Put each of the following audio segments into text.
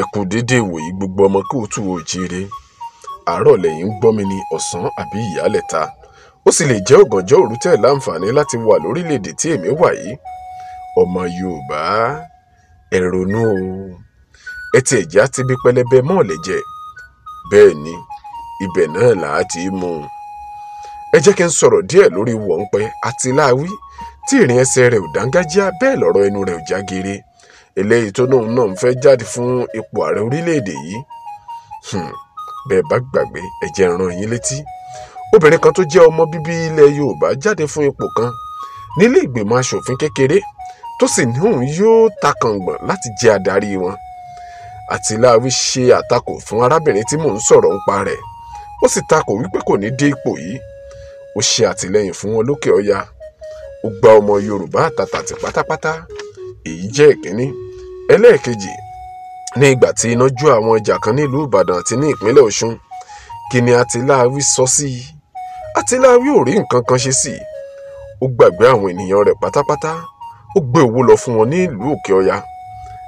ẹ kú dédé ìwòyí gbogbo ọmọ kóòtù òjire àárọ̀ lẹ́yìn ń gbọ́ mi ní ọ̀sán àbí ìyálẹ̀ta ó sì lè jẹ́ ọ̀gànjọ́ òru tẹ́ láǹfààní láti wà lórílẹ̀‐èdè tí èmi wà yìí ọmọ yorùbá ẹ ronú o ẹ ti ẹ̀já ti bí pẹlẹbẹ mọ́ lẹ́jẹ̀ bẹ́ẹ̀ ni ibẹ̀ náà là á ti mú un ẹ jẹ́ kí n sọ̀rọ̀ díẹ̀ lórí wọ̀npẹ́ àti láwí tí ìrìn ẹsẹ̀ rẹ̀ ò dángájá bẹ́ẹ̀ lọ́rọ̀ ẹnu rẹ̀ ò já eléyìí tó lóun náà ń fẹ́ jáde fún ipò ààrẹ orílẹ̀-èdè yìí hmm, bẹ́ẹ̀ bá gbàgbé ẹ̀jẹ̀ ràn yín létí obìnrin kan tó jẹ́ ọmọ bíbí ilẹ̀ Yorùbá jáde fún ipò kan nílé ìgbìmọ̀ asòfin kékeré tó sì ní òun yóò ta kàngbọ̀n láti jẹ́ adarí wọn Àtìláwí ṣe àtakò fún arábìnrin tí mò ń sọ̀rọ̀ nípa rẹ̀ ó sì takò wípé kò ní dé ipò yìí ó ṣe àtìlẹ́yìn fún wọn lókè ọya ó gba ọmọ Yorùbá àtàtà tì pátápátá èyí jẹ́ ìkíní ẹlẹ́ẹ̀kejì ní ìgbà tí iná jó àwọn ọjà kan nílùú ìbàdàn àti ní ìpínlẹ̀ ọ̀ṣun kí ni àtìláàwí sọ sí i àtìláàwí ò rí nǹkan kan ṣe sí i ó gbàgbé àwọn ènìyàn rẹ̀ pátápátá ó gbé owó lọ fún wọn ní ìlú òkè ọya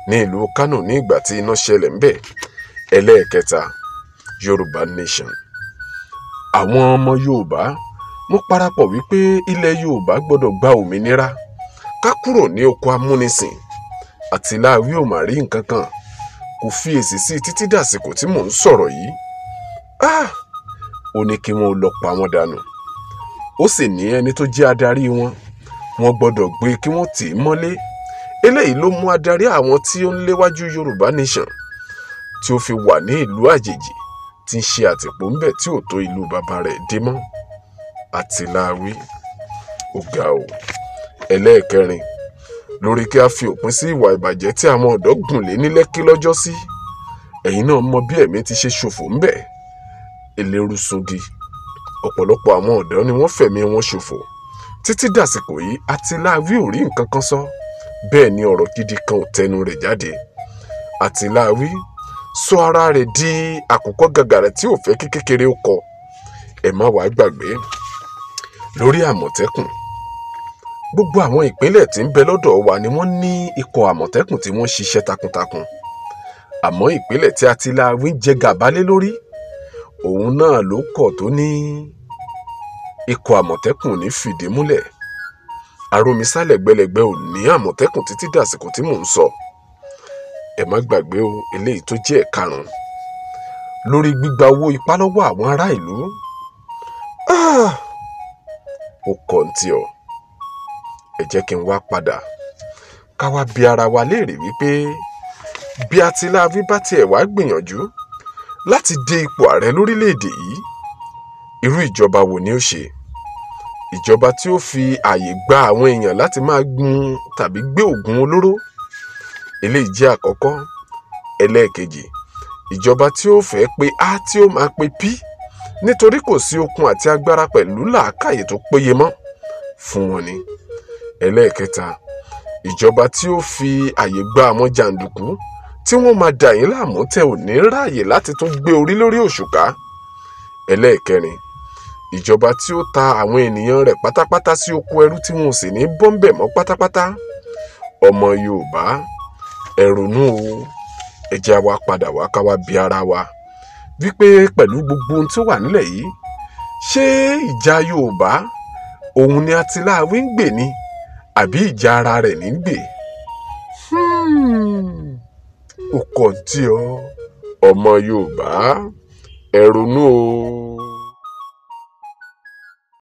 ní ìlú kánò ní ìgbà tí iná ṣẹlẹ̀ ńbẹ̀ ẹlẹ́ẹ̀kẹta yorùbá nation àwọn ọmọ yorùbá mo parapọ̀ wípé ilẹ̀ yorùbá gbọ́dọ̀ gba òmìnira ká kúrò ní oko amúnisìn àti láàwí ò mà rí nǹkan kan kò fi èsì sí títí dàsìkò tí mò ń sọ̀rọ̀ yìí ah! ó ní kí wọ́n lọ pa wọ́n dànù ó sì ní ẹni tó jẹ́ adarí wọn wọ́n gbọ́dọ̀ gbé e kí wọ́n tì í mọ́lé eléyìí ló mú adarí àwọn tí ó ń léwájú Yorùbá nation tí ó fi wà ní ìlú àjèjì tí ń ṣe àtìpó ńbẹ tí ò tó ìlú bàbá rẹ̀ dé mọ́ àtìláwí ó ga o ẹlẹ́ẹ̀kẹrin lórí kí a fi òpin sí ìwà ìbàjẹ́ tí àwọn ọ̀dọ́ gùn lé ní lẹ́kí lọ́jọ́sí ẹ̀yin náà mọ bí ẹ̀mí ti ṣe ṣòfò ńbẹ̀ eléru sungi ọ̀pọ̀lọpọ̀ àwọn ọ̀dọ́ ni wọ́n fẹ̀mí wọn ṣòfò títí dàsìkò yìí àti láàwí ò rí nǹkan kan sọ bẹ́ẹ̀ ni ọ̀rọ̀ gidi kan ò tẹnu rẹ̀ jáde àti láàwí sọ ara rẹ̀ di àkùkọ gàgàrà tí ò fẹ́ kékeré ó kọ ẹ̀ má wàá gbàgbé lórí àmọ̀tẹ́kùn gbogbo àwọn ìpínlẹ̀ tí ń bẹ lọ́dọ̀ wa ni wọ́n ní ikọ̀ àmọ̀tẹ́kùn tí wọ́n ń ṣiṣẹ́ takuntakun àmọ́ ìpínlẹ̀ tí a ti la wí jẹ gàba lé lórí òun náà ló kọ̀ tó ní ikọ̀ àmọ̀tẹ́kùn ní fìdí múlẹ̀ arómisálẹ̀ gbẹlẹgbẹ ò ní àmọ̀tẹ́kùn títí dàsìkò tí mò ń sọ ẹ má gbàgbé o eléyìí tó jẹ́ ẹ̀karùn lórí gbígba owó ipá lọ́wọ́ àwọn ará ìlú ah! ó kọ̀ ń tiọ̀ ẹ jẹ́ kí n wá padà ká wá bi ara wa léèrè wípé bí Atiláàfin bá tiẹ̀ wá gbìyànjú láti dé ipò ààrẹ lórílẹ̀‐èdè yìí irú ìjọba wo ni ó ṣe ìjọba tí ó fi ààyè gba àwọn èèyàn láti máa gun tàbí gbé oògùn olóró eléyìí jẹ́ àkọ́kọ́ ẹlẹ́ẹ̀kejì ìjọba tí ó fẹ́ pé a tí ó máa pe p nítorí kò sí okun àti agbára pẹ̀lú làákàyè tó péye mọ́ fún wọn ni ẹlẹ́ẹ̀kẹta ìjọba tí ó fi àyè gba àwọn jàǹdùkú tí wọ́n máa dà yín láàmú tẹ ò ní ráàyè láti tún gbé orí lórí òṣùká ẹlẹ́ẹ̀kẹrin ìjọba tí ó ta àwọn ènìyàn rẹ̀ pátápátá sí oko ẹrú tí wọn ò sì ní bọ́ńbẹ̀ mọ́ pátápátá ọmọ yorùbá ẹ o ẹ wa padà wá ká wá bi ara wa wípé pẹ̀lú gbogbo ohun tí ó wà nílẹ̀ yìí ṣé ìjà yorùbá òun ni Àtìláàwí ń gbè ni àbí ìjà ara rẹ̀ ní gbè. Hmm. ó kọ̀ tí ọ ọmọ Yorùbá ẹ ronú o.